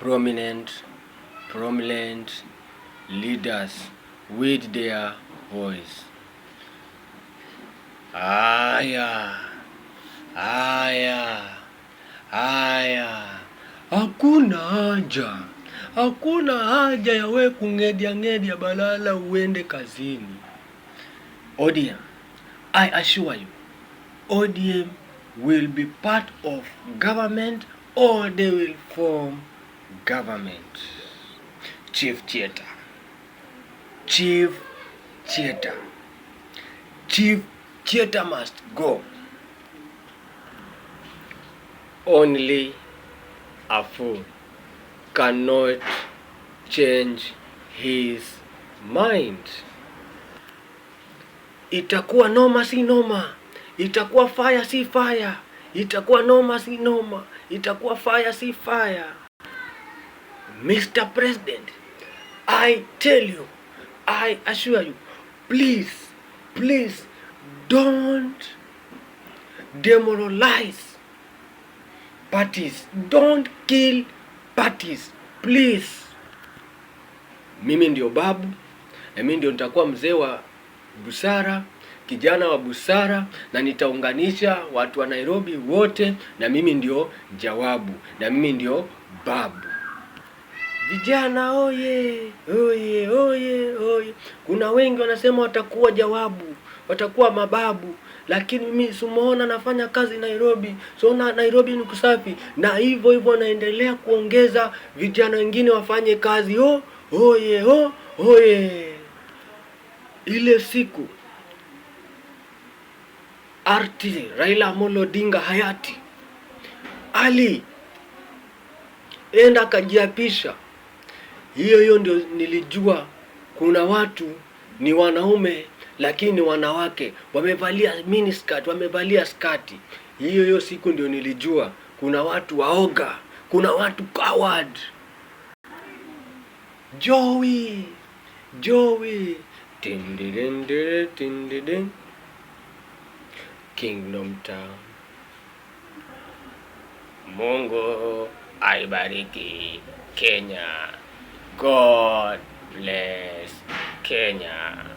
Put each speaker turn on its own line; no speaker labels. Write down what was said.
prominent prominent leaders with their voice. Haya, aya aya hakuna haja, hakuna haja ya wewe kung'edia ng'edia balala uende kazini. ODM, I assure you, ODM will be part of government or they will form government chief theater chief theater chief theater must go only a fool cannot change his mind itakuwa noma si noma itakuwa fire si fire itakuwa noma si noma itakuwa fire si fire Mr. President, I tell you, I assure you, please, please don't demoralize parties. Don't kill parties. Please.
Mimi ndio babu na mimi ndio nitakuwa mzee wa busara, kijana wa busara, na nitaunganisha watu wa Nairobi wote, na mimi ndio jawabu, na mimi ndio babu. Vijana oye oye oye oye! Kuna wengi wanasema watakuwa jawabu, watakuwa mababu, lakini mi simuona anafanya kazi Nairobi, siona Nairobi ni kusafi, na hivyo hivyo anaendelea kuongeza vijana wengine wafanye kazi. O oye o oye! Ile siku RT Raila Amolo Odinga hayati ali enda akajiapisha hiyo hiyo ndio nilijua kuna watu ni wanaume lakini ni wanawake, wamevalia mini skirt, wamevalia skati. Hiyo hiyo siku ndio nilijua kuna watu waoga, kuna watu coward. Joey, Joey, tindirindire tindidin,
Kingdom Town. Mungu aibariki Kenya. God bless Kenya.